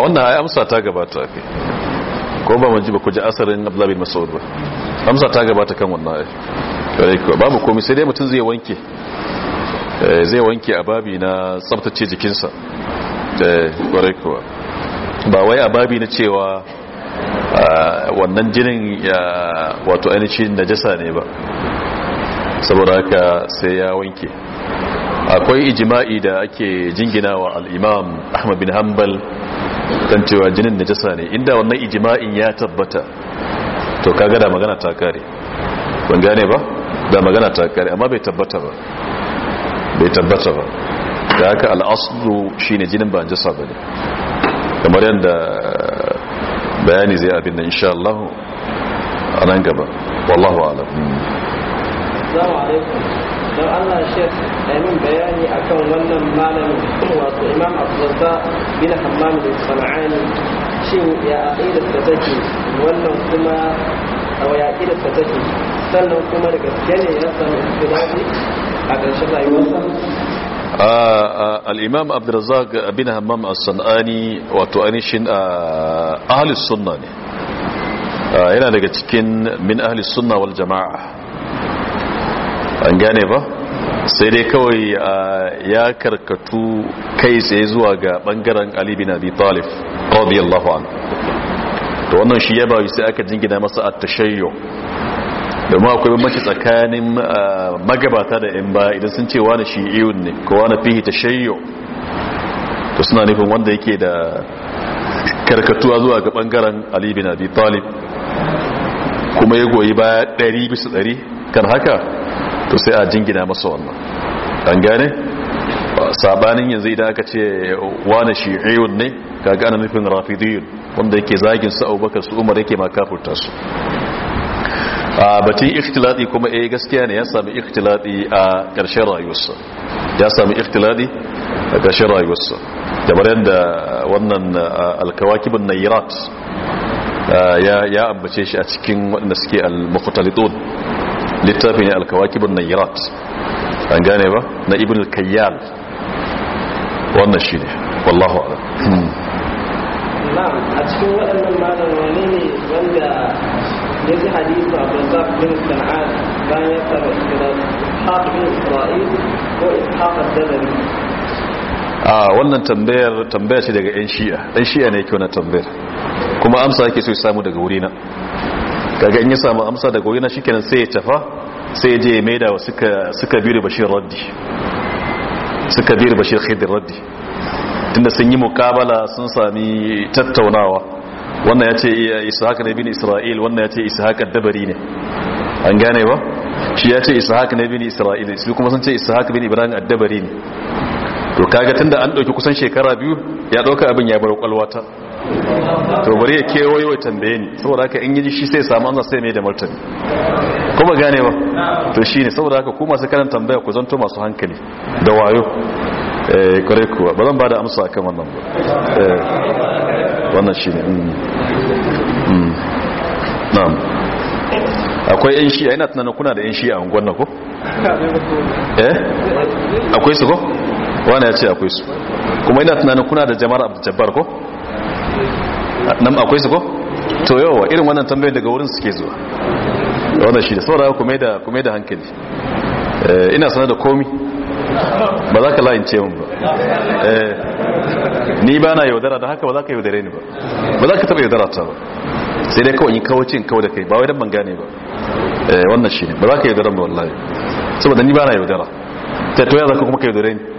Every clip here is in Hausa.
a wannan ai amsa ta gabata kai ko ba mun ji ba ku ji asarin abu bin Mas'ud ba amsa ta gabata kan wannan ai kare ku babu komai sai dai mutun zai wanke eh, zai wanke a babi na tsaftace jikinsa eh kare ba wai a babi na cewa wannan jinin wato ainihin najasa ne ba saboda haka sai ya wanke akwai ijima'i da ake jinginawa al'imam ahmad bin hanbal kan cewa jinin najasa ne inda wannan ijma'in ya tabbata to kaga da magana ta kare ban gane ba da magana ta kare amma bai tabbata ba bai tabbata ba da haka al'aslu shine jinin ba najasa bane kamar yanda eh, bayani zai abin nan insha Allah a nan gaba wallahu a'lam assalamu alaikum don allah shek da min bayani akan wannan malamin wato imam abdulsa bin hammam bin sana'ani shi ya aƙidar ta take wannan kuma a waya aƙidar ta take sannan kuma da gaske ne ya samu ikirafi a ƙarshen rayuwarsa al'imam abdurazak bin hammam as-san'ani wato ainihin ahalis sunna ne yana daga cikin min ahalis sunna wal jama'a an gane ba sai dai kawai ya karkatu kai tsaye zuwa ga bangaren ali bin abi talib radiyallahu an to wannan shi ya bayu sai aka jingina masa at-tashayyu domin akwai bambanci tsakanin magabata da yan baya idan sun ce wani iyun ne ko wani fihi tashayyu to suna nufin wanda yake da karkatuwa zuwa ga bangaren ali bin abi talib kuma ya goyi baya 100 bisa 100 kan haka to sai a jingina masa wannan an gane sabanin yanzu idan aka ce wani shi'iyun ne ka gane nufin rafidiyun wanda yake zagin sa'o bakar su umar yake makafurta su a batun ikhtilati kuma yi eh, gaskiya ne ya sami ikhtilati a ƙarshen rayuwarsa ya sami ikhtilati a ƙarshen rayuwarsa kamar yadda wannan alkawakibin nairat ya ambace shi a cikin waɗanda suke al-muqtalitun littafi ne alkawakibin nayyarat an gane ba na ibn al-kayyal wannan shi ne wallahu ala hmm. a cikin waɗannan malam wani ne wanda ya ji hadisa abdullab bin sana'ad bayan ya saba shirar haɗu bin isra'il ko ishaƙar dalari a wannan tambayar tambaya ce daga 'yan shi'a 'yan shi'a ne yake wannan tambayar kuma amsa yake so samu daga wurina kaga in ya samu amsa daga wuyana shikenan sai ya tafa sai ya je ya maida wa suka suka biyu bashir raddi suka biyu bashir khidir raddi tunda sun yi mukabala sun sami tattaunawa wannan ya ce ishaq ne bin isra'il wannan ya ce ishaq dabari ne an gane ba shi ya ce ishaq ne bin isra'il su kuma sun ce ishaq bin ibrahim ad-dabari ne to kaga tunda an dauki kusan shekara biyu ya dauka abin ya bar kwalwata to bari ya kewayo ya tambaye ni saboda haka in yi shi sai samu an sai mai da martani kuma gane ba to shine saboda haka ku masu karan tambaya ku zanto masu hankali da wayo eh kare kuwa ba zan ba da amsa kan wannan ba eh wannan shine mm. mm. na'am akwai yan shi ina tunanin kuna da yan shi a unguwan ko eh akwai su ko wani ya ce akwai su kuma ina tunanin kuna da jama'ar abu jabbar ko nan akwai su ko to yawa irin wannan tambayar daga wurin suke zuwa wannan shi da saura kuma da kuma da hankali eh, ina sanar da komi ba za ka la'ince mun ba eh, ni ba na yaudara da haka ba za ka yaudare ni ba ba za ka taɓa yaudara ta ba sai dai kawai yi kawacin kawai da kai ba wai dan ban gane ba eh, wannan shi ne ba za ka yaudara ba wallahi saboda ni ba na yaudara ta toya za ka kuma ka yaudare ni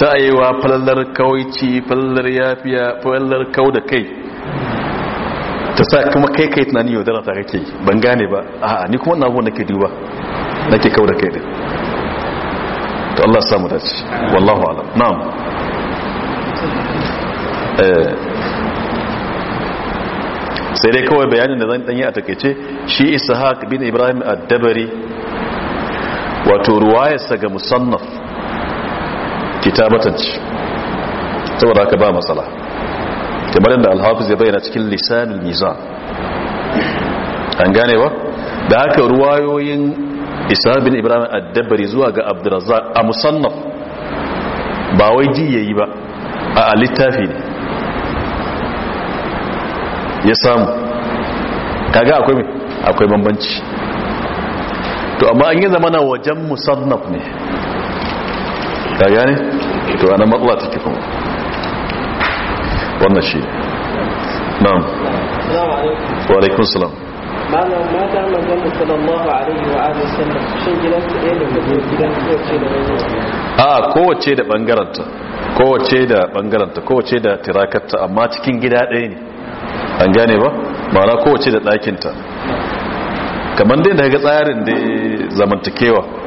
ta ayewa falalar kawaici falalar yafiya falalar kau da kai ta sa kuma kai kai tunani yau dara ta kake ban gane ba a ni kuma na abubuwan nake duba nake kau da kai din to Allah samu dace wallahu alam na'am eh. sai dai kawai bayanin da zan danyi a takeice shi ishaq bin ibrahim ad-dabari wato ruwayarsa ga musannaf kitabatan ce saboda haka ba matsala kamar yadda alhafiz ya bayyana cikin lisanin mizan an gane ba da haka ruwayoyin isa bin ibrahim addabari zuwa ga abdurazak a musannaf ba wai ji yayi ba a littafi ne ya samu kaga akwai mai akwai bambanci to amma an yi zamana wajen musannaf ne ka gane to ana matsala take kuma wannan shi na'am wa alaikun salam malam mata sallallahu wa ɗaya da kowace da bangaren a kowace da bangaranta kowace da bangaranta kowace da tirakarta amma cikin gida ɗaya ne an gane ba na kowace da ɗakinta kamar dai daga tsarin da zamantakewa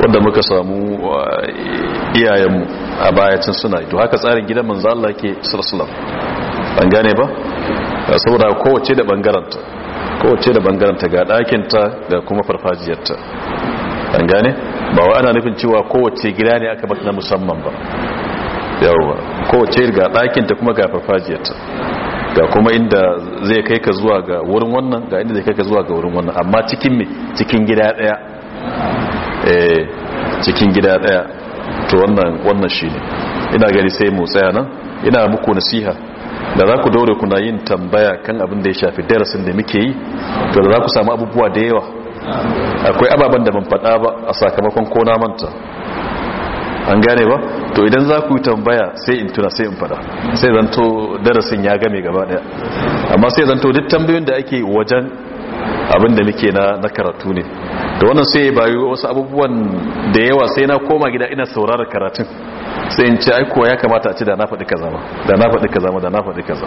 wanda muka samu iyayenmu a bayacin suna to haka tsarin gidan manzo Allah ke sallallahu ban gane ba saboda kowace da bangaranta kowace da bangaranta ga ɗakinta da kuma farfajiyarta an gane ba wa ana nufin cewa kowace gida ne aka bata na musamman ba yawwa kowace ga ɗakinta kuma ga farfajiyarta ga kuma inda zai kai ka zuwa ga wurin wannan ga inda zai kai ka zuwa ga wurin wannan amma cikin me cikin gida ɗaya Eh, cikin gida daya to wannan wannan shine ina gari sai mu tsaya nan ina muku nasiha da za ku dore kuna yin tambaya kan abin da ya shafi darasin da muke yi to da za ku samu abubuwa da yawa akwai ababen da ban faɗa ba a sakamakon ko na manta an gane ba to idan za ku yi tambaya sai in tuna sai in fada sai zanto darasin ya game gaba daya amma sai zanto duk tambayoyin da ake wajen abinda muke na na karatu ne da wannan sai bayu wasu abubuwan da yawa sai na koma gida ina saurara karatun sai in ce ai ko ya kamata a ci da na faɗi kaza ma da na faɗi kaza ma da na faɗi kaza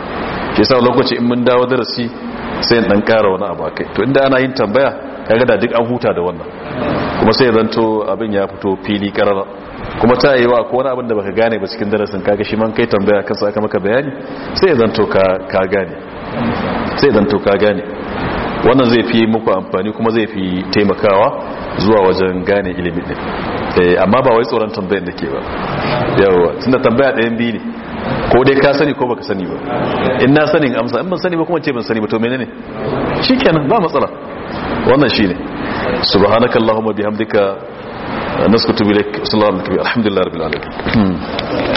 ke sa lokaci in mun dawo darasi sai in dan ƙara wani abu kai to inda ana yin tambaya kaga da duk an huta da wannan kuma sai zanto abin ya fito fili karara kuma ta yi wa ko wani abin da baka gane ba cikin darasin kaga shi man kai tambaya kan sa aka maka bayani sai zanto ka ka gane sai zanto ka gane wannan zai fi muku amfani kuma zai fi taimakawa zuwa wajen gane ilimi din eh, amma ba wai tsoron tambayar da ke ba yawa tunda tambaya ɗayan biyu ne ko dai ka sani ko baka sani ba in na sani amsa in ban sani ba kuma ce ban sani ba to menene shikenan ba matsala wannan shine subhanakallahumma bihamdika nasqutu bilik sallallahu alaihi wa sallam alhamdulillahi rabbil alamin hmm.